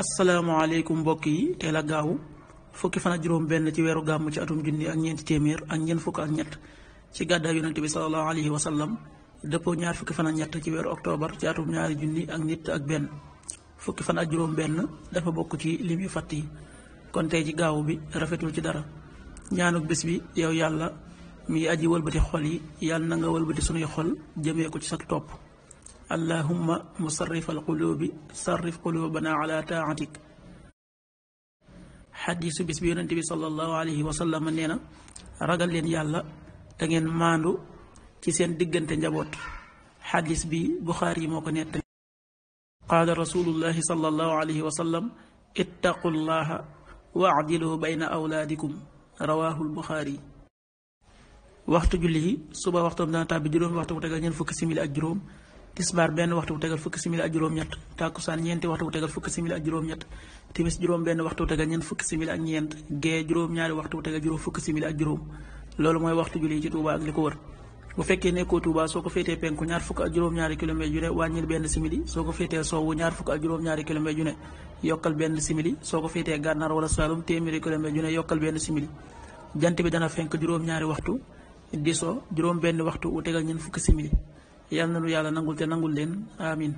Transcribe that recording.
asalaamaaleykum mbokk yi teel a gaaw fukki fan ak juróom-benn ci weeru gàmm ci atum junni ak ñeenti téeméer ak ñeent fukki ak ñett ci gàddaay yonente bi salallahu alayhi wa sallam dëppoo ñaar fukki fana ñett ci weeru octobre ci atum ñaari junni ak nit ak benn fukki fan ak juróom-benn dafa bokk ci lim yu fàtt yi kon tey ci gaaw bi rafetul ci dara ñaanu bis bi yow yàlla mi aji wëlbati xol yi yàlla na nga wëlbati sunuy xol jëmee ko ci sag topp. allahumma musarrif alqulubi sarrif qulubana ala taatik xadiisu bis bi yonent bi sallallahu alayhi wa sallam nee na ragal leen yàlla te ngeen maandu ci seen diggante njaboot xadiis bi buxaari yi moo ko nett qaala rasulullahi sallallahu alayhi wa sallam ittaqu llaha waadilu bayna awlaadikum rawaahul buxaari waxtu julli yi suba waxtoom dana tàbbi juróom waxtu bu tegal ñeent fukki simili juróom tisbaar benn waxtu bu tegal fukki simili ak juróom-ñett tàkkusaan ñeenti waxtu bu tegal fukki simili ak juróom-ñett timis juróom benn waxtu bu tegal ñeent fukki simili ak ñeent gee juróom-ñaari waxtu bu tegal juróom fukki simili ak juróom loolu mooy waxtu julli ko wër bu fekkee ko féetee penku ñaar fukk ak juróom-ñaari kilomètre ju ne wàññil benn simili soo ko féetee sowwu ñaar fukk ak juróom-ñaari kilomètre ju ne yokkal benn simili soo ko féetee gànnaar wala Saalum téeméeri kilomètre ju ne yokkal benn simili jant bi dana ñaari waxtu di so juróom benn waxtu bu tegal ñeent fukki simili yal na lu yàlla nangul te nangul leen amin